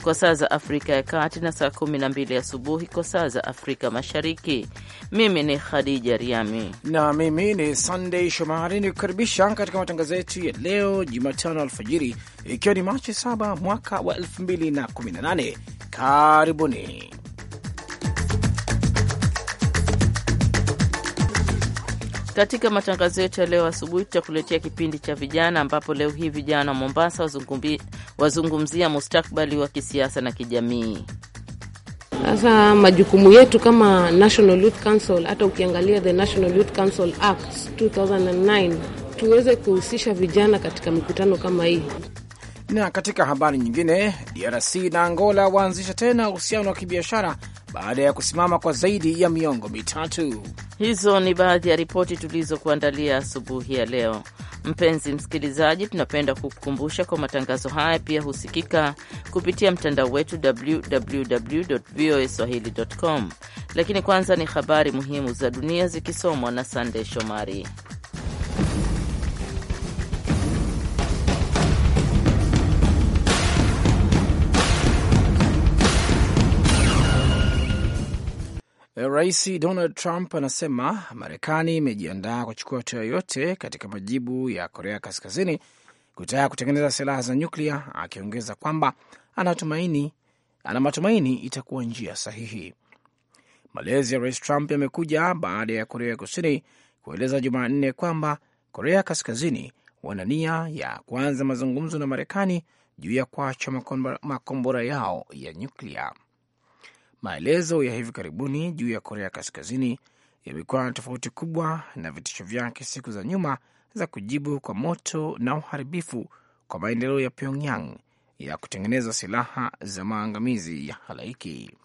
kwa saa za Afrika ya Kati na saa mbili asubuhi kwa saa za Afrika Mashariki. Mimi ni Khadija Riami na mimi ni sandey Shomari, ni kukaribisha katika matangazo yetu ya leo Jumatano alfajiri, ikiwa ni Machi 7 mwaka wa 2018. Karibuni. Katika matangazo yetu ya leo asubuhi, tutakuletea kipindi cha vijana, ambapo leo hii vijana wa Mombasa wazungumzia mustakbali wa kisiasa na kijamii. Sasa majukumu yetu kama National Youth Council, hata ukiangalia the National Youth Council Act 2009 tuweze kuhusisha vijana katika mikutano kama hii. Na katika habari nyingine, DRC na Angola waanzisha tena uhusiano wa kibiashara baada ya kusimama kwa zaidi ya miongo mitatu. Hizo ni baadhi ya ripoti tulizokuandalia asubuhi ya leo. Mpenzi msikilizaji, tunapenda kukukumbusha kwa matangazo haya pia husikika kupitia mtandao wetu www voa swahili com. Lakini kwanza ni habari muhimu za dunia zikisomwa na Sandey Shomari. Eh, Rais Donald Trump anasema Marekani imejiandaa kuchukua hatua yoyote katika majibu ya Korea Kaskazini kutaka kutengeneza silaha za nyuklia, akiongeza kwamba anatumaini ana matumaini itakuwa njia sahihi. Malezi ya Rais Trump yamekuja baada ya Korea Kusini kueleza Jumanne kwamba Korea Kaskazini wana nia ya kuanza mazungumzo na Marekani juu ya kuacha makombora yao ya nyuklia. Maelezo ya hivi karibuni juu ya Korea Kaskazini yamekuwa na tofauti kubwa na vitisho vyake siku za nyuma za kujibu kwa moto na uharibifu kwa maendeleo ya Pyongyang ya kutengeneza silaha za maangamizi ya halaiki.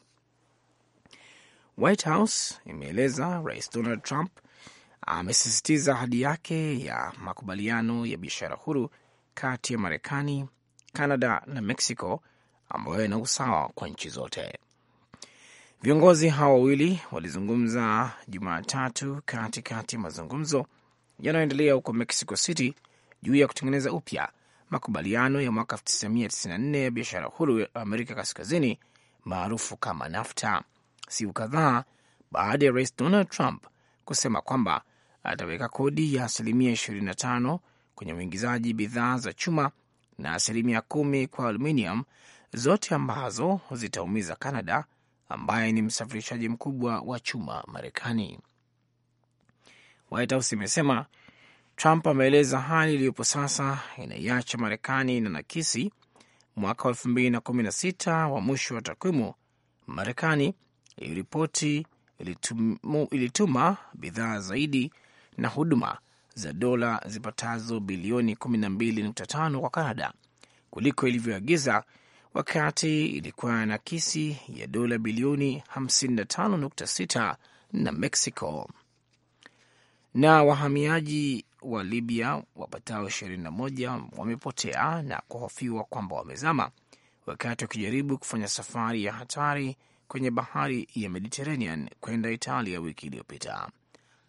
White House imeeleza Rais Donald Trump amesisitiza ahadi yake ya makubaliano ya biashara huru kati ya Marekani, canada na Mexico ambayo yana usawa kwa nchi zote. Viongozi hawa wawili walizungumza Jumatatu katikati mazungumzo yanayoendelea huko Mexico City juu ya kutengeneza upya makubaliano ya mwaka 1994 ya biashara huru ya Amerika Kaskazini maarufu kama NAFTA, siku kadhaa baada ya rais Donald Trump kusema kwamba ataweka kodi ya asilimia 25 kwenye uingizaji bidhaa za chuma na asilimia kumi kwa aluminium, zote ambazo zitaumiza Canada ambaye ni msafirishaji mkubwa wa chuma Marekani. White House imesema Trump ameeleza hali iliyopo sasa inaiacha Marekani na nakisi mwaka wa elfu mbili na kumi na sita wa mwisho wa takwimu, Marekani iliripoti ilituma, bidhaa zaidi na huduma za dola zipatazo bilioni 12.5 kwa canada kuliko ilivyoagiza wakati ilikuwa na kisi ya dola bilioni 55.6 na Mexico. Na wahamiaji wa Libya wapatao 21 wamepotea na kuhofiwa kwamba wamezama wakati wakijaribu kufanya safari ya hatari kwenye bahari ya Mediterranean kwenda Italia wiki iliyopita.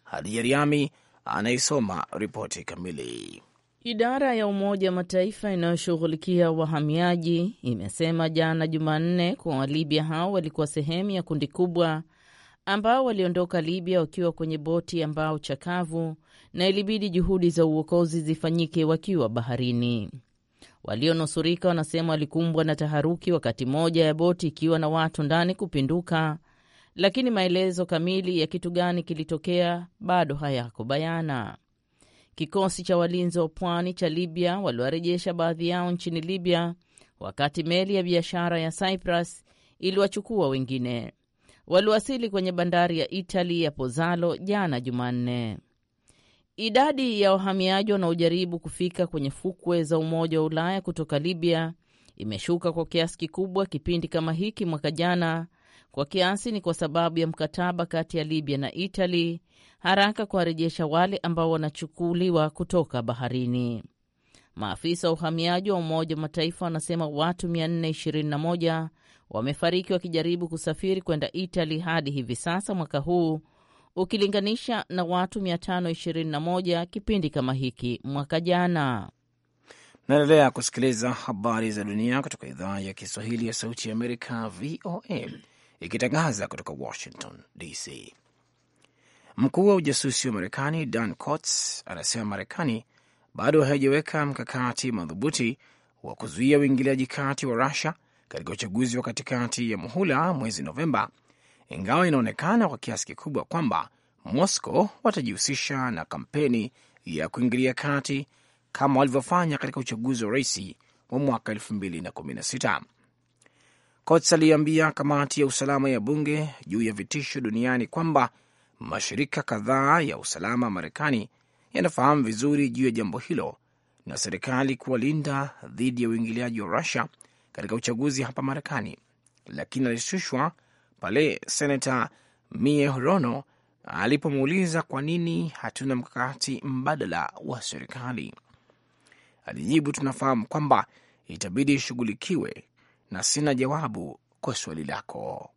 Hadija Riami anaisoma ripoti kamili. Idara ya Umoja wa Mataifa inayoshughulikia wahamiaji imesema jana Jumanne kuwa Walibya hao walikuwa sehemu ya kundi kubwa ambao waliondoka Libya wakiwa kwenye boti ya mbao chakavu na ilibidi juhudi za uokozi zifanyike wakiwa baharini. Walionusurika wanasema walikumbwa na taharuki wakati moja ya boti ikiwa na watu ndani kupinduka, lakini maelezo kamili ya kitu gani kilitokea bado hayako bayana. Kikosi cha walinzi wa pwani cha Libya waliwarejesha baadhi yao nchini Libya, wakati meli ya biashara ya Cyprus iliwachukua wengine. Waliwasili kwenye bandari ya Itali ya Pozzallo jana Jumanne. Idadi ya wahamiaji wanaojaribu kufika kwenye fukwe za Umoja wa Ulaya kutoka Libya imeshuka kwa kiasi kikubwa kipindi kama hiki mwaka jana, kwa kiasi ni kwa sababu ya mkataba kati ya Libya na Itali haraka kuwarejesha wale ambao wanachukuliwa kutoka baharini. Maafisa wa uhamiaji wa Umoja wa Mataifa wanasema watu 421 wamefariki wakijaribu kusafiri kwenda Itali hadi hivi sasa mwaka huu ukilinganisha na watu 521 kipindi kama hiki mwaka jana. Naendelea kusikiliza habari za dunia kutoka idhaa ya Kiswahili ya Sauti ya Amerika, VOA ikitangaza kutoka Washington DC. Mkuu wa ujasusi wa Marekani Dan Coats anasema Marekani bado haijaweka mkakati madhubuti wa kuzuia uingiliaji kati wa Rusia katika uchaguzi wa katikati ya muhula mwezi Novemba, ingawa inaonekana kwa kiasi kikubwa kwamba Moscow watajihusisha na kampeni ya kuingilia kati kama walivyofanya katika uchaguzi wa rais wa mwaka 2016. Kots aliambia kamati ya usalama ya bunge juu ya vitisho duniani kwamba mashirika kadhaa ya usalama Marekani yanafahamu vizuri juu ya jambo hilo na serikali kuwalinda dhidi ya uingiliaji wa Rusia katika uchaguzi hapa Marekani, lakini alishushwa pale senata Miehrono alipomuuliza kwa nini hatuna mkakati mbadala wa serikali. Alijibu, tunafahamu kwamba itabidi ishughulikiwe na sina jawabu kwa swali lako.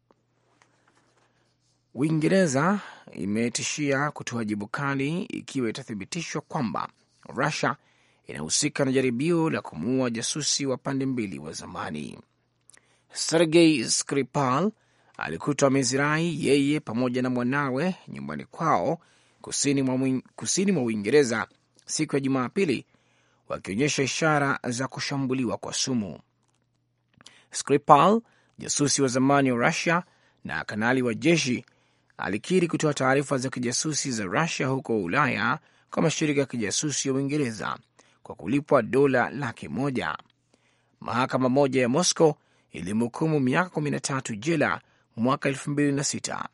Uingereza imetishia kutoa jibu kali ikiwa itathibitishwa kwamba Rusia inahusika na jaribio la kumuua jasusi wa pande mbili wa zamani. Sergei Skripal alikutwa mezirai yeye pamoja na mwanawe nyumbani kwao kusini mwa Uingereza siku ya Jumapili, wakionyesha ishara za kushambuliwa kwa sumu. Skripal, jasusi wa zamani wa Rusia na kanali wa jeshi, alikiri kutoa taarifa za kijasusi za Rusia huko Ulaya kwa mashirika ya kijasusi ya Uingereza kwa kulipwa dola laki moja. Mahakama moja ya Moscow ilimhukumu miaka 13 jela mwaka 2006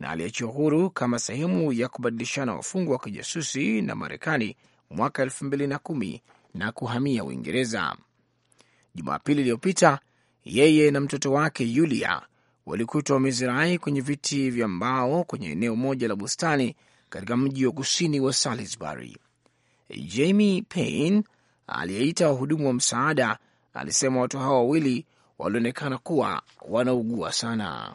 na aliachiwa huru kama sehemu ya kubadilishana wafungwa wa kijasusi na Marekani mwaka 2010 na kuhamia Uingereza. Jumapili iliyopita yeye na mtoto wake Yulia walikutwa wamezirai kwenye viti vya mbao kwenye eneo moja la bustani katika mji wa kusini wa Salisbury. Jamie Payne aliyeita wahudumu wa msaada alisema watu hao wawili walionekana kuwa wanaugua sana.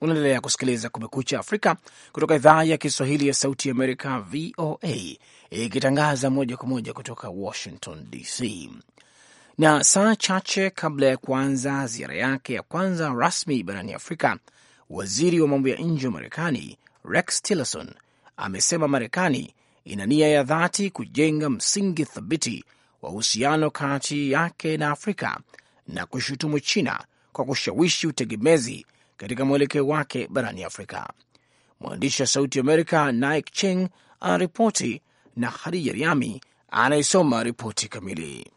Unaendelea kusikiliza Kumekucha Afrika kutoka idhaa ya Kiswahili ya Sauti ya Amerika, VOA, ikitangaza moja kwa moja kutoka Washington DC. Na saa chache kabla ya kuanza ziara yake ya kwanza rasmi barani Afrika, waziri wa mambo ya nje wa Marekani Rex Tillerson amesema Marekani ina nia ya dhati kujenga msingi thabiti wa uhusiano kati yake na Afrika na kushutumu China kwa kushawishi utegemezi katika mwelekeo wake barani Afrika. Mwandishi wa Sauti Amerika Nike Ching anaripoti na Hadija Riami anayesoma ripoti kamili.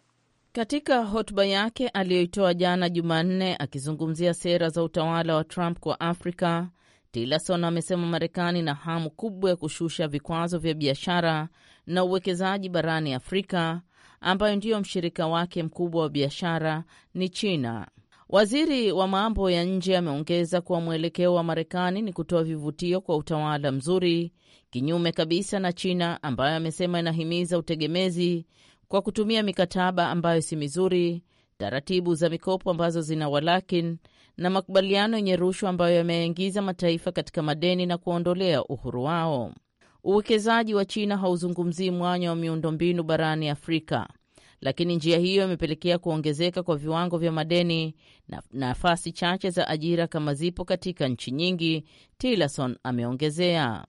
Katika hotuba yake aliyoitoa jana Jumanne akizungumzia sera za utawala wa Trump kwa Afrika, Tillerson amesema Marekani na hamu kubwa ya kushusha vikwazo vya biashara na uwekezaji barani Afrika, ambayo ndiyo mshirika wake mkubwa wa biashara ni China. Waziri wa mambo ya nje ameongeza kuwa mwelekeo wa Marekani ni kutoa vivutio kwa utawala mzuri, kinyume kabisa na China ambayo amesema inahimiza utegemezi kwa kutumia mikataba ambayo si mizuri, taratibu za mikopo ambazo zina walakin na makubaliano yenye rushwa ambayo yameyaingiza mataifa katika madeni na kuondolea uhuru wao. Uwekezaji wa China hauzungumzii mwanya wa miundombinu barani Afrika lakini njia hiyo imepelekea kuongezeka kwa viwango vya madeni na nafasi chache za ajira kama zipo katika nchi nyingi, Tillerson ameongezea.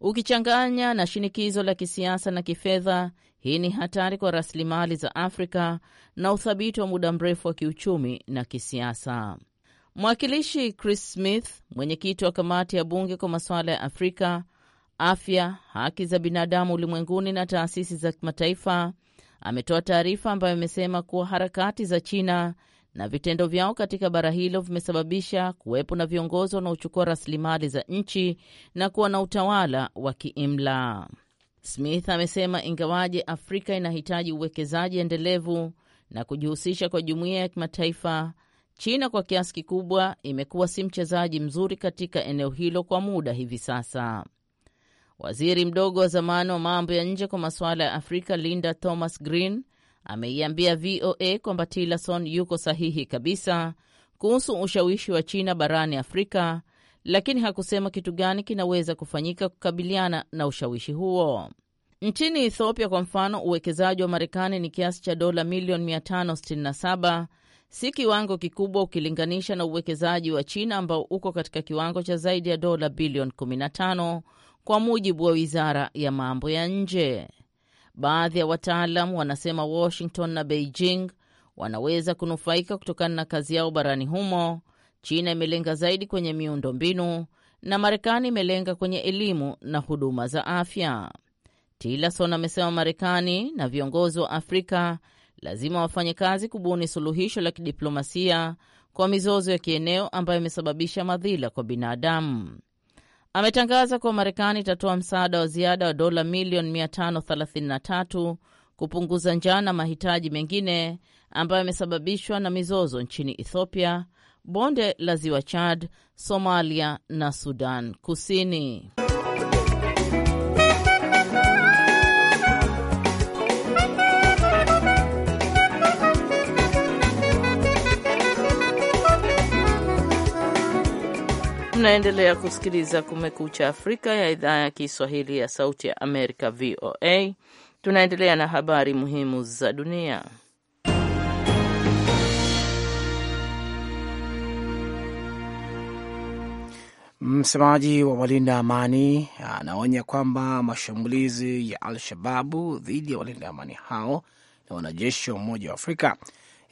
Ukichanganya na shinikizo la kisiasa na kifedha, hii ni hatari kwa rasilimali za Afrika na uthabiti wa muda mrefu wa kiuchumi na kisiasa. Mwakilishi Chris Smith, mwenyekiti wa kamati ya bunge kwa masuala ya Afrika, afya, haki za binadamu ulimwenguni na taasisi za kimataifa ametoa taarifa ambayo imesema kuwa harakati za China na vitendo vyao katika bara hilo vimesababisha kuwepo na viongozi wanaochukua rasilimali za nchi na kuwa na utawala wa kiimla. Smith amesema ingawaje Afrika inahitaji uwekezaji endelevu na kujihusisha kwa jumuiya ya kimataifa, China kwa kiasi kikubwa imekuwa si mchezaji mzuri katika eneo hilo kwa muda hivi sasa. Waziri mdogo wa zamani wa mambo ya nje kwa masuala ya Afrika Linda Thomas Green ameiambia VOA kwamba Tillerson yuko sahihi kabisa kuhusu ushawishi wa China barani Afrika, lakini hakusema kitu gani kinaweza kufanyika kukabiliana na ushawishi huo. Nchini Ethiopia kwa mfano, uwekezaji wa Marekani ni kiasi cha dola milioni 567, si kiwango kikubwa ukilinganisha na uwekezaji wa China ambao uko katika kiwango cha zaidi ya dola bilioni 15 kwa mujibu wa wizara ya mambo ya nje. Baadhi ya wataalam wanasema Washington na Beijing wanaweza kunufaika kutokana na kazi yao barani humo. China imelenga zaidi kwenye miundo mbinu na Marekani imelenga kwenye elimu na huduma za afya. Tillerson amesema Marekani na viongozi wa Afrika lazima wafanye kazi kubuni suluhisho la kidiplomasia kwa mizozo ya kieneo ambayo imesababisha madhila kwa binadamu ametangaza kuwa Marekani itatoa msaada wa ziada wa dola milioni 533 kupunguza njaa na mahitaji mengine ambayo yamesababishwa na mizozo nchini Ethiopia, bonde la ziwa Chad, Somalia na Sudan Kusini. Mnaendelea kusikiliza Kumekucha Afrika ya idhaa ya Kiswahili ya Sauti ya Amerika, VOA. Tunaendelea na habari muhimu za dunia. Msemaji wa walinda amani anaonya kwamba mashambulizi ya Al-Shababu dhidi ya walinda amani hao na wanajeshi wa Umoja wa Afrika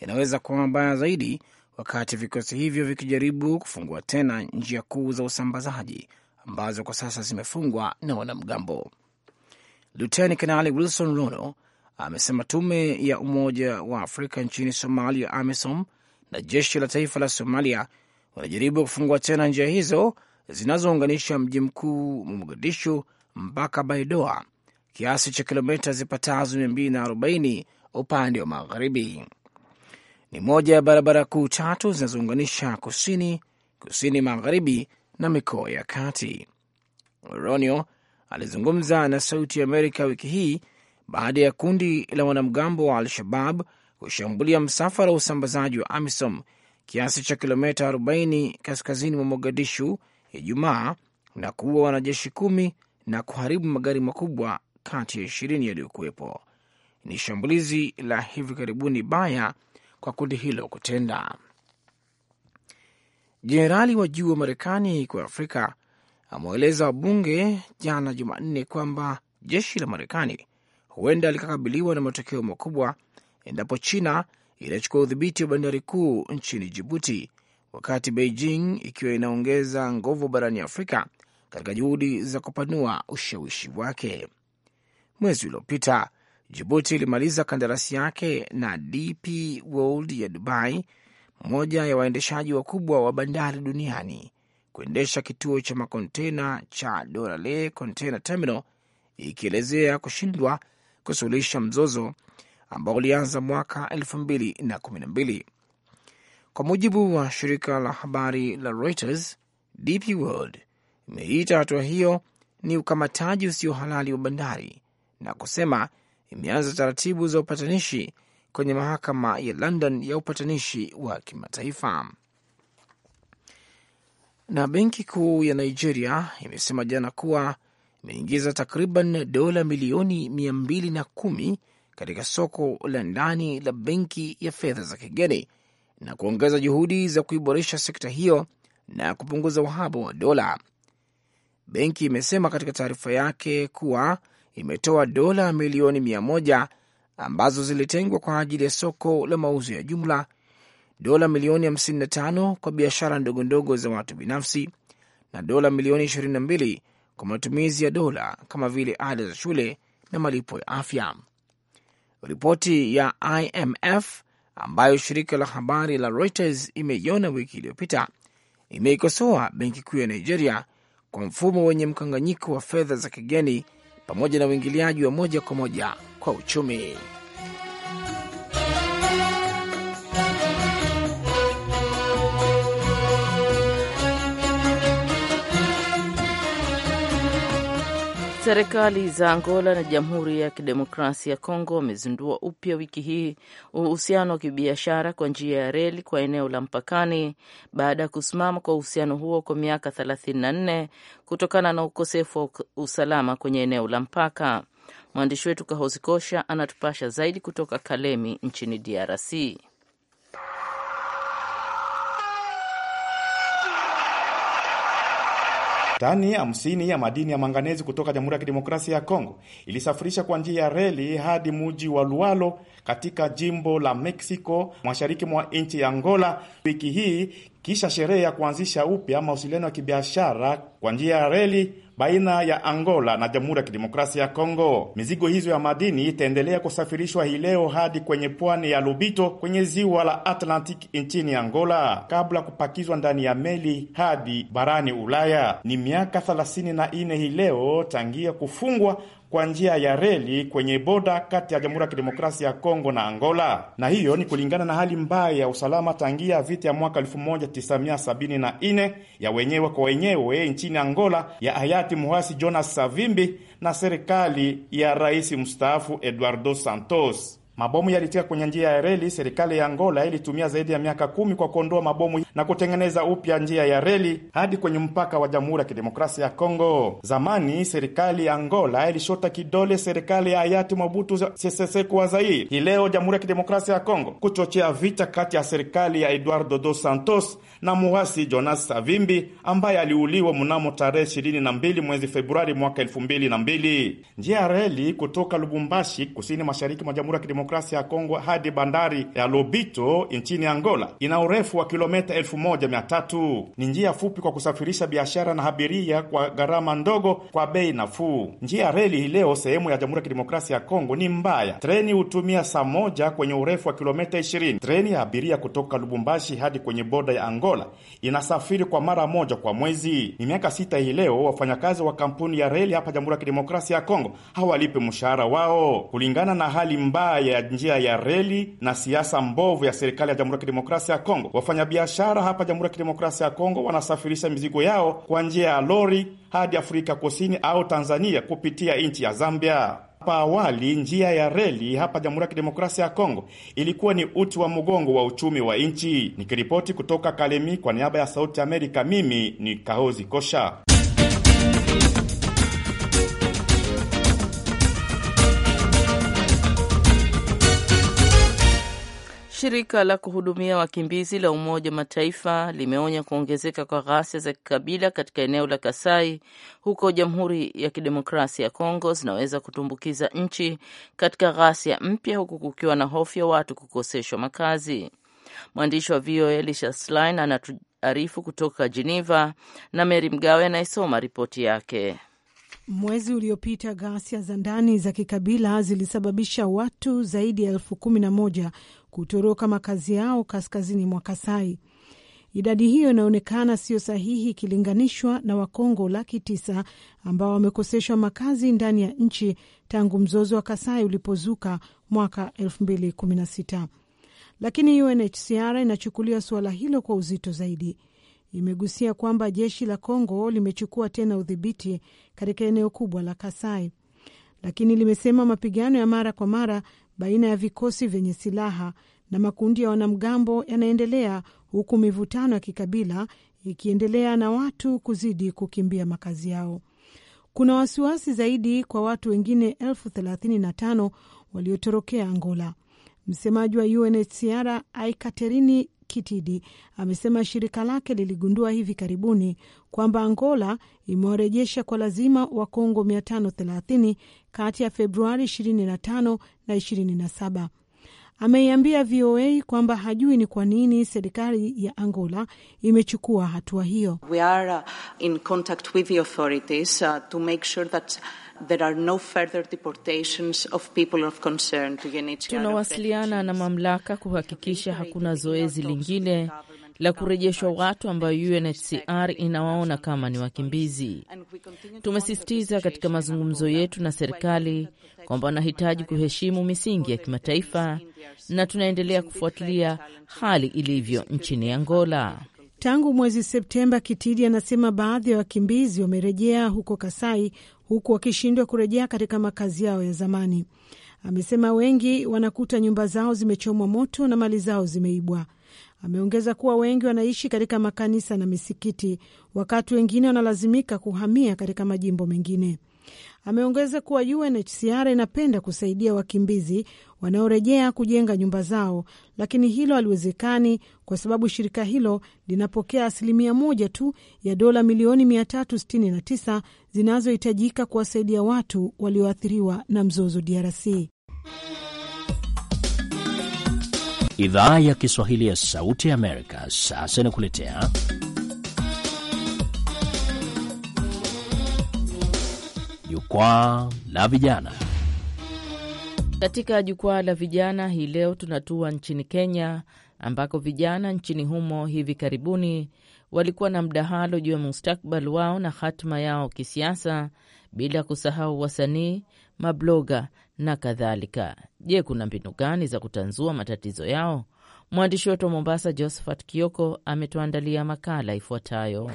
yanaweza kuwa mabaya zaidi wakati vikosi hivyo vikijaribu kufungua tena njia kuu za usambazaji ambazo kwa sasa zimefungwa na wanamgambo. Luteni Kanali Wilson Rono amesema tume ya Umoja wa Afrika nchini Somalia, AMISOM, na jeshi la taifa la Somalia wanajaribu kufungua tena njia hizo zinazounganisha mji mkuu Mogadishu mpaka Baidoa, kiasi cha kilomita zipatazo 240 upande wa magharibi ni moja ya barabara kuu tatu zinazounganisha kusini, kusini magharibi na mikoa ya kati. Ronio alizungumza na Sauti ya Amerika wiki hii baada ya kundi la wanamgambo wa Al-Shabab kushambulia msafara wa usambazaji wa AMISOM kiasi cha kilomita 40 kaskazini mwa Mogadishu Ijumaa na kuua wanajeshi kumi na kuharibu magari makubwa kati ya ishirini yaliyokuwepo. Ni shambulizi la hivi karibuni baya kwa kundi hilo kutenda. Jenerali wa juu wa Marekani kwa Afrika amewaeleza wabunge jana Jumanne kwamba jeshi la Marekani huenda likakabiliwa na matokeo makubwa endapo China inachukua udhibiti wa bandari kuu nchini Jibuti, wakati Beijing ikiwa inaongeza nguvu barani Afrika katika juhudi za kupanua ushawishi wake. Mwezi uliopita Jibuti ilimaliza kandarasi yake na DP World ya Dubai, mmoja ya waendeshaji wakubwa wa bandari duniani, kuendesha kituo cha makontena cha Dorale Container Terminal, ikielezea kushindwa kusuluhisha mzozo ambao ulianza mwaka elfu Kwa mujibu wa shirika la habari la Reuters, DP World imeita hatua hiyo ni ukamataji usio halali wa bandari na kusema imeanza taratibu za upatanishi kwenye mahakama ya London ya upatanishi wa kimataifa. Na benki kuu ya Nigeria imesema jana kuwa imeingiza takriban dola milioni mia mbili na kumi katika soko la ndani la benki ya fedha za kigeni na kuongeza juhudi za kuiboresha sekta hiyo na kupunguza uhaba wa dola. Benki imesema katika taarifa yake kuwa imetoa dola milioni mia moja ambazo zilitengwa kwa ajili ya soko la mauzo ya jumla, dola milioni 55 kwa biashara ndogo ndogo za watu binafsi na dola milioni 22 kwa matumizi ya dola kama vile ada za shule na malipo ya afya. Ripoti ya IMF ambayo shirika la habari la Reuters imeiona wiki iliyopita imeikosoa benki kuu ya Nigeria kwa mfumo wenye mkanganyiko wa fedha za kigeni pamoja na uingiliaji wa moja kwa moja kwa uchumi. Serikali za Angola na Jamhuri ya Kidemokrasia ya Kongo wamezindua upya wiki hii uhusiano wa kibiashara kwa njia ya reli kwa eneo la mpakani baada ya kusimama kwa uhusiano huo kwa miaka 34 kutokana na ukosefu wa usalama kwenye eneo la mpaka. Mwandishi wetu Kahozi Kosha anatupasha zaidi kutoka Kalemi nchini DRC. Tani hamsini ya madini ya manganezi kutoka Jamhuri ya Kidemokrasia ya Kongo ilisafirisha kwa njia ya reli hadi muji wa Lualo katika jimbo la Mexico mashariki mwa nchi ya Angola wiki hii kisha sherehe ya kuanzisha upya mawasiliano ya kibiashara kwa njia ya reli baina ya Angola na Jamhuri ya Kidemokrasia ya Kongo. Mizigo hizo ya madini itaendelea kusafirishwa hii leo hadi kwenye pwani ya Lubito kwenye ziwa la Atlantic nchini Angola kabla kupakizwa ndani ya meli hadi barani Ulaya. Ni miaka 34 hii leo tangia kufungwa kwa njia ya reli kwenye boda kati ya Jamhuri ya Kidemokrasia ya Kongo na Angola, na hiyo ni kulingana na hali mbaya ya usalama tangia vita ya mwaka 1974 ya wenyewe kwa wenyewe nchini Angola ya hayati muhasi Jonas Savimbi na serikali ya rais mstaafu Eduardo Santos. Mabomu yalitika kwenye njia ya reli. Serikali ya Angola ilitumia zaidi ya miaka kumi kwa kuondoa mabomu na kutengeneza upya njia ya reli hadi kwenye mpaka wa Jamhuri ya Kidemokrasia ya Kongo. Zamani serikali ya Angola ilishota kidole serikali ya hayati Mobutu Sese Seko wa Zaire, hii leo Jamhuri ya Kidemokrasia ya Kongo, kuchochea vita kati ya serikali ya Eduardo dos Santos na muasi Jonas Savimbi ambaye aliuliwa mnamo tarehe 22 mwezi Februari mwaka mbili. Njia ya reli kutoka Lubumbashi, kusini mashariki mwa Jamhuri ya Kidemokrasia ya Kongo hadi bandari ya Lobito nchini Angola ina urefu wa kilomita elfu moja mia tatu. Ni njia fupi kwa kusafirisha biashara na abiria kwa gharama ndogo, kwa bei nafuu. Njia ya reli hii leo sehemu ya Jamhuri ya Kidemokrasia ya Kongo ni mbaya. Treni hutumia saa moja kwenye urefu wa kilomita 20. Treni ya abiria kutoka Lubumbashi hadi kwenye boda ya Angola inasafiri kwa mara moja kwa mwezi. Ni miaka sita hii leo wafanyakazi wa kampuni ya reli hapa Jamhuri ya Kidemokrasia ya Kongo hawalipi mshahara wao kulingana na hali mbaya ya njia ya reli na siasa mbovu ya serikali ya Jamhuri ya Kidemokrasia ya Kongo. Wafanyabiashara hapa Jamhuri ya Kidemokrasia ya Kongo wanasafirisha mizigo yao kwa njia ya lori hadi Afrika Kusini au Tanzania kupitia nchi ya Zambia. Hapa awali njia ya reli hapa Jamhuri ya Kidemokrasia ya Kongo ilikuwa ni uti wa mgongo wa uchumi wa nchi. Nikiripoti kutoka Kalemi kwa niaba ya Sauti Amerika, mimi ni Kahozi Kosha. Shirika la kuhudumia wakimbizi la Umoja wa Mataifa limeonya kuongezeka kwa ghasia za kikabila katika eneo la Kasai huko Jamhuri ya Kidemokrasia ya Kongo zinaweza kutumbukiza nchi katika ghasia mpya huku kukiwa na hofu ya watu kukoseshwa makazi. Mwandishi wa VOA Elisha Schlein anatuarifu kutoka Geneva na Meri Mgawe anayesoma ripoti yake. Mwezi uliopita ghasia za ndani za kikabila zilisababisha watu zaidi ya elfu kumi na moja kutoroka makazi yao kaskazini mwa Kasai. Idadi hiyo inaonekana siyo sahihi ikilinganishwa na Wakongo laki tisa ambao wamekoseshwa makazi ndani ya nchi tangu mzozo wa Kasai ulipozuka mwaka 2016 lakini UNHCR inachukulia suala hilo kwa uzito zaidi imegusia kwamba jeshi la congo limechukua tena udhibiti katika eneo kubwa la Kasai, lakini limesema mapigano ya mara kwa mara baina ya vikosi vyenye silaha na makundi ya wanamgambo yanaendelea, huku mivutano ya kikabila ikiendelea na watu kuzidi kukimbia makazi yao. Kuna wasiwasi zaidi kwa watu wengine elfu thelathini na tano waliotorokea Angola. Msemaji wa UNHCR Aikaterini Kitidi amesema shirika lake liligundua hivi karibuni kwamba Angola imewarejesha kwa lazima Wakongo 530 kati ya Februari 25 na 27. Ameiambia VOA kwamba hajui ni kwa nini serikali ya Angola imechukua hatua hiyo. We are uh, in contact with the authorities uh, to make sure that there are no further deportations of people of concern to Tunawasiliana na mamlaka kuhakikisha hakuna zoezi lingine la kurejeshwa watu ambayo UNHCR inawaona kama ni wakimbizi. Tumesisitiza katika mazungumzo yetu na serikali kwamba wanahitaji kuheshimu misingi ya kimataifa na tunaendelea kufuatilia hali ilivyo nchini Angola. Tangu mwezi Septemba, Kitidi anasema baadhi ya wa wakimbizi wamerejea huko Kasai, huku wakishindwa kurejea katika makazi yao ya zamani. Amesema wengi wanakuta nyumba zao zimechomwa moto na mali zao zimeibwa. Ameongeza kuwa wengi wanaishi katika makanisa na misikiti, wakati wengine wanalazimika kuhamia katika majimbo mengine. Ameongeza kuwa UNHCR inapenda kusaidia wakimbizi wanaorejea kujenga nyumba zao, lakini hilo haliwezekani kwa sababu shirika hilo linapokea asilimia moja tu ya dola milioni 369 zinazohitajika kuwasaidia watu walioathiriwa na mzozo DRC. Idhaa ya Kiswahili ya Sauti ya Amerika sasa inakuletea Jukwaa la Vijana. Katika Jukwaa la Vijana hii leo tunatua nchini Kenya, ambako vijana nchini humo hivi karibuni walikuwa na mdahalo juu ya mustakbal wao na hatima yao kisiasa, bila kusahau wasanii, mabloga na kadhalika. Je, kuna mbinu gani za kutanzua matatizo yao? Mwandishi wetu wa Mombasa, Josephat Kioko, ametuandalia makala ifuatayo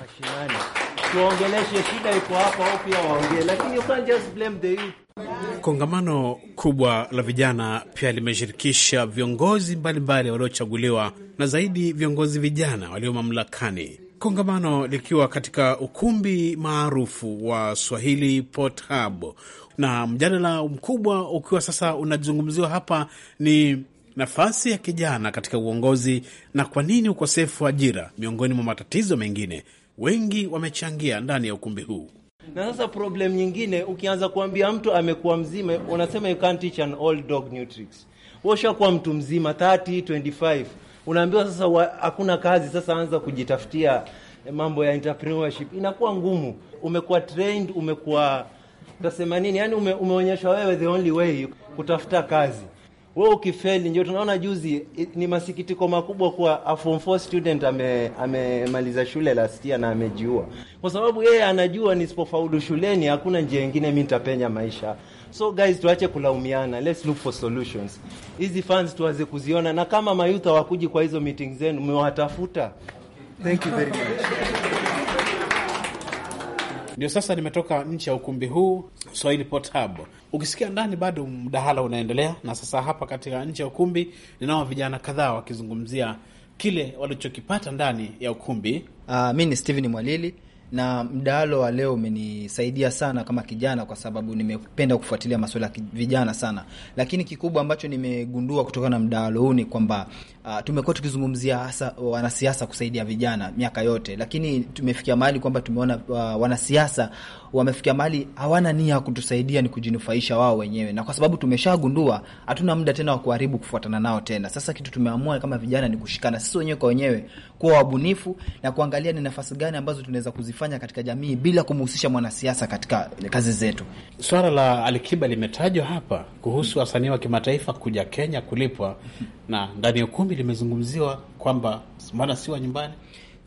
tuongeleshe, shida iko hapa au pia waongee, lakini you can't just blame the youth. Kongamano kubwa la vijana pia limeshirikisha viongozi mbalimbali waliochaguliwa na zaidi viongozi vijana walio mamlakani, kongamano likiwa katika ukumbi maarufu wa Swahili Pot Hub, na mjadala mkubwa ukiwa sasa unazungumziwa hapa ni nafasi ya kijana katika uongozi na kwa nini ukosefu wa ajira miongoni mwa matatizo mengine wengi wamechangia ndani ya ukumbi huu. Na sasa problem nyingine, ukianza kuambia mtu amekuwa mzima, unasema you can't teach an old dog new tricks. Washakuwa mtu mzima 30 25, unaambiwa sasa hakuna kazi, sasa anza kujitafutia mambo ya entrepreneurship, inakuwa ngumu. Umekuwa trained, umekuwa tasema nini, yani ume, umeonyeshwa wewe the only way kutafuta kazi wewe ukifeli, ndio tunaona juzi ni masikitiko makubwa kwa form 4 student amemaliza ame shule last year na amejiua kwa sababu yeye anajua nisipofaulu shuleni hakuna njia nyingine mimi nitapenya maisha. So guys, tuache kulaumiana, let's look for solutions. Hizi funds tuanze kuziona, na kama mayutha wakuji kwa hizo meeting zenu, mmewatafuta. Thank you very much. Ndio sasa nimetoka nchi ya ukumbi huu Swahili Pot Hub, ukisikia ndani bado mdahala unaendelea, na sasa hapa katika nchi ya ukumbi ninao vijana kadhaa wakizungumzia kile walichokipata ndani ya ukumbi. Uh, ah, mi ni Steven Mwalili na mdahalo wa leo umenisaidia sana kama kijana, kwa sababu nimependa kufuatilia masuala ya vijana sana. Lakini kikubwa ambacho nimegundua kutokana na mdahalo huu ni kwamba uh, tumekuwa tukizungumzia hasa wanasiasa kusaidia vijana miaka yote, lakini tumefikia mahali kwamba tumeona uh, wanasiasa wamefikia mahali hawana nia ya kutusaidia, ni kujinufaisha wao wenyewe, na kwa sababu tumeshagundua hatuna muda tena wa kuharibu kufuatana nao tena. Sasa kitu tumeamua kama vijana ni kushikana sisi wenyewe kwa wenyewe, kuwa wabunifu na kuangalia ni nafasi gani ambazo tunaweza kuzifanya katika jamii bila kumhusisha mwanasiasa katika kazi zetu. Swala la Alikiba limetajwa hapa kuhusu wasanii wa kimataifa kuja Kenya kulipwa, na ndani ya ukumbi limezungumziwa kwamba mwana si wa nyumbani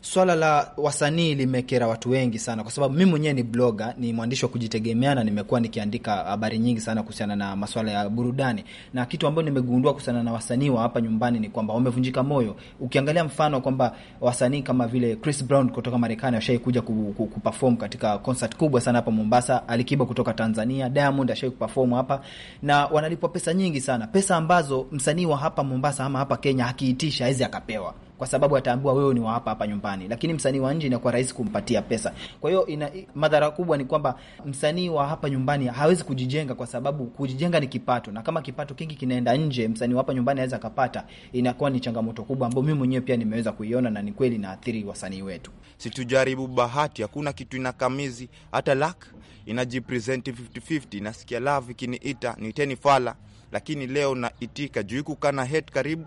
swala la wasanii limekera watu wengi sana, kwa sababu mi mwenyewe ni bloga, ni mwandishi wa kujitegemea na nimekuwa nikiandika habari nyingi sana kuhusiana na maswala ya burudani, na kitu ambayo nimegundua kuhusiana na wasanii wa hapa nyumbani ni kwamba wamevunjika moyo. Ukiangalia mfano kwamba wasanii kama vile Chris Brown kutoka Marekani ashai kuja kuperform katika concert kubwa sana hapa Mombasa, Alikiba kutoka Tanzania, Diamond ashai kuperform hapa, na wanalipwa pesa nyingi sana, pesa ambazo msanii wa hapa Mombasa ama hapa Kenya akiitisha hawezi akapewa kwa sababu ataambiwa wewe ni wa hapa hapa nyumbani, lakini msanii wa nje inakuwa rahisi kumpatia pesa. Kwa hiyo ina madhara kubwa ni kwamba msanii wa hapa nyumbani hawezi kujijenga, kwa sababu kujijenga ni kipato, na kama kipato kingi kinaenda nje, msanii wa hapa nyumbani anaweza akapata, inakuwa ni changamoto kubwa ambayo mimi mwenyewe pia nimeweza kuiona, na ni kweli naathiri wasanii wetu. Situjaribu bahati, hakuna kitu inakamizi, hata lak inajipresenti 50-50. Nasikia love ikiniita, niiteni fala lakini leo naitika juu kukana head karibu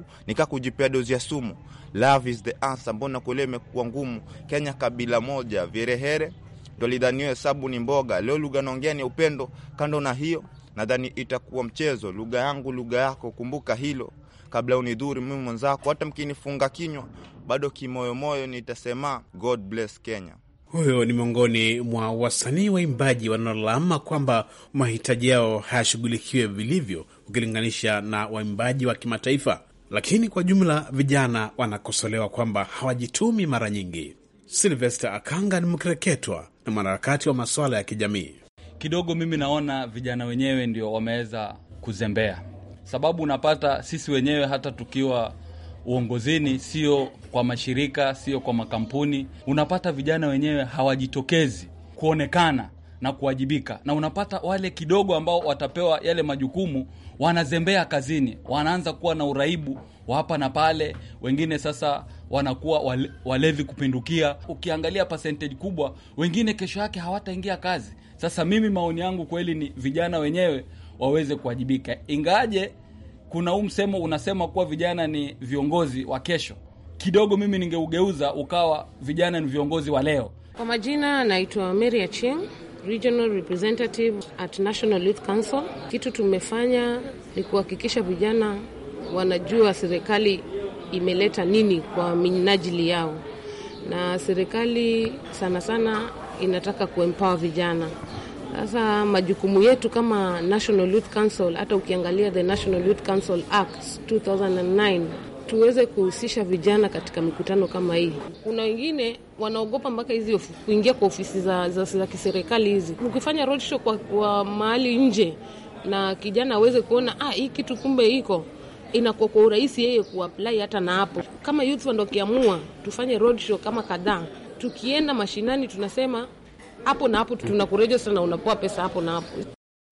kujipea dozi ya sumu. Love is the answer. Mbona kule imekuwa ngumu? Kenya kabila moja virehere ndo tolidhaniwe hesabu ni mboga. Leo lugha naongea ni upendo. Kando na hiyo, nadhani itakuwa mchezo, lugha yangu lugha yako. Kumbuka hilo kabla unidhuri mimi mwenzako. Hata mkinifunga kinywa, bado kimoyomoyo nitasema God bless Kenya. Huyo ni miongoni mwa wasanii waimbaji wanaolama kwamba mahitaji yao hayashughulikiwe vilivyo ukilinganisha na waimbaji wa kimataifa, lakini kwa jumla vijana wanakosolewa kwamba hawajitumi mara nyingi. Silvester Akanga ni mkereketwa na mwanaharakati wa masuala ya kijamii. Kidogo mimi naona vijana wenyewe ndio wameweza kuzembea, sababu unapata sisi wenyewe hata tukiwa uongozini, sio kwa mashirika, sio kwa makampuni, unapata vijana wenyewe hawajitokezi kuonekana na kuwajibika, na unapata wale kidogo ambao watapewa yale majukumu wanazembea kazini, wanaanza kuwa na uraibu wa hapa na pale. Wengine sasa wanakuwa wale, walevi kupindukia. Ukiangalia percentage kubwa, wengine kesho yake hawataingia kazi. Sasa mimi maoni yangu kweli ni vijana wenyewe waweze kuwajibika, ingaje kuna huu msemo unasema kuwa vijana ni viongozi wa kesho. Kidogo mimi ningeugeuza ukawa vijana ni viongozi wa leo. Kwa majina naitwa Mary Acheng regional representative at National Youth Council. Kitu tumefanya ni kuhakikisha vijana wanajua serikali imeleta nini kwa minajili yao, na serikali sana sana inataka kuempower vijana. Sasa majukumu yetu kama National Youth Council, hata ukiangalia the National Youth Council Act 2009 tuweze kuhusisha vijana katika mikutano kama hii. Kuna wengine wanaogopa mpaka hizi kuingia kwa ofisi za, za, za kiserikali hizi. Ukifanya roadshow kwa, kwa mahali nje na kijana aweze kuona ah, hii kitu kumbe iko inakuwa kwa urahisi yeye kuapply hata na hapo. Kama youth ndio kiamua tufanye roadshow kama kadhaa, tukienda mashinani tunasema hapo na hapo tunakurejestra na unapoa pesa hapo na hapo.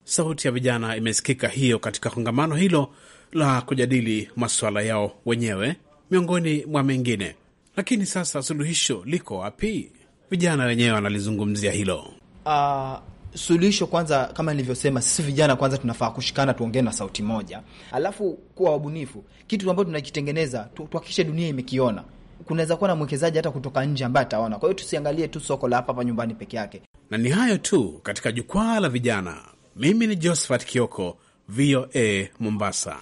Sauti ya vijana imesikika hiyo katika kongamano hilo la kujadili masuala yao wenyewe miongoni mwa mengine. Lakini sasa suluhisho liko wapi? Vijana wenyewe wanalizungumzia hilo. Uh, suluhisho kwanza, kama nilivyosema, sisi vijana kwanza tunafaa kushikana, tuongee na sauti moja, alafu kuwa wabunifu, kitu ambacho tunakitengeneza tuhakikishe dunia imekiona. Kunaweza kuwa na mwekezaji hata kutoka nje ambaye ataona. Kwa hiyo tusiangalie tu soko la hapa hapa nyumbani peke yake. Na ni hayo tu katika jukwaa la vijana. Mimi ni Josephat Kioko, VOA Mombasa.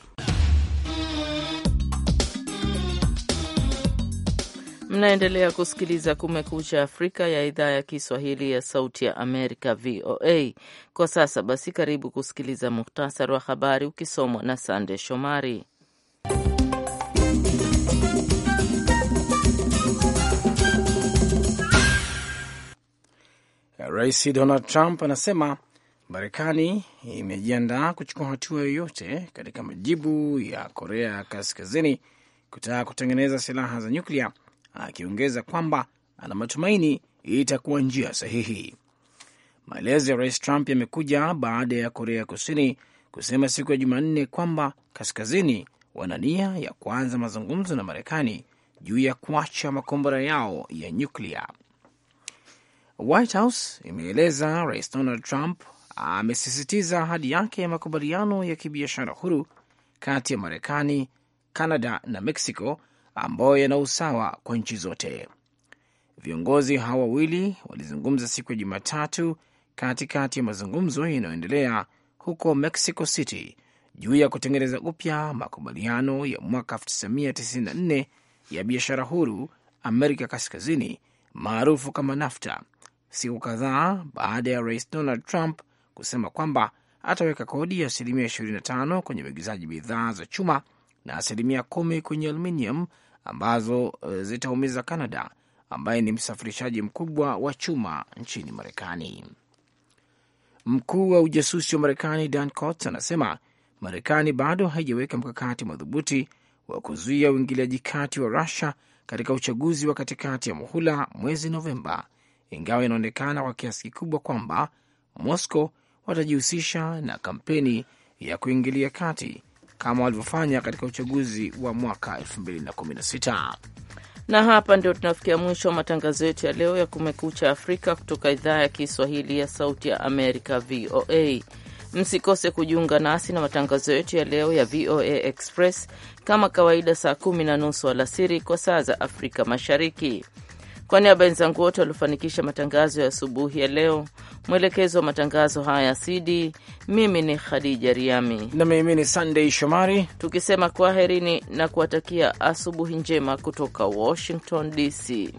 Mnaendelea kusikiliza Kumekucha Afrika ya idhaa ya Kiswahili ya Sauti ya Amerika, VOA. Kwa sasa basi, karibu kusikiliza muhtasari wa habari ukisomwa na Sande Shomari. Rais Donald Trump anasema Marekani imejiandaa kuchukua hatua yoyote katika majibu ya Korea Kaskazini kutaka kutengeneza silaha za nyuklia akiongeza kwamba ana matumaini itakuwa njia sahihi. Maelezo ya rais Trump yamekuja baada ya Korea Kusini kusema siku ya Jumanne kwamba kaskazini wana nia ya kuanza mazungumzo na Marekani juu ya kuacha makombora yao ya nyuklia. White House imeeleza rais Donald Trump amesisitiza ahadi yake ya makubaliano ya kibiashara huru kati ya Marekani, Kanada na Mexico ambayo yana usawa kwa nchi zote. Viongozi hawa wawili walizungumza siku ya Jumatatu katikati ya mazungumzo yanayoendelea huko Mexico City juu ya kutengeneza upya makubaliano ya mwaka 1994 ya biashara huru Amerika Kaskazini maarufu kama NAFTA, siku kadhaa baada ya Rais Donald Trump kusema kwamba ataweka kodi ya asilimia 25 kwenye uigizaji bidhaa za chuma na asilimia kumi kwenye aluminium ambazo eh, zitaumiza Canada ambaye ni msafirishaji mkubwa wa chuma nchini Marekani. Mkuu wa ujasusi wa Marekani Dan Coats anasema Marekani bado haijaweka mkakati madhubuti wa kuzuia uingiliaji kati wa Rusia katika uchaguzi wa katikati ya muhula mwezi Novemba, ingawa inaonekana kwa kiasi kikubwa kwamba Moscow watajihusisha na kampeni ya kuingilia kati kama walivyofanya katika uchaguzi wa mwaka 2016. Na hapa ndio tunafikia mwisho wa matangazo yetu ya leo ya Kumekucha Afrika kutoka idhaa ya Kiswahili ya Sauti ya Amerika, VOA. Msikose kujiunga nasi na matangazo yetu ya leo ya VOA Express kama kawaida, saa kumi na nusu alasiri kwa saa za Afrika Mashariki. Kwa niaba ya wenzangu wote waliofanikisha matangazo ya asubuhi ya leo, mwelekezo wa matangazo haya Sidi, mimi ni Khadija Riami na mimi ni Sandey Shomari, tukisema kwaherini na kuwatakia asubuhi njema kutoka Washington DC.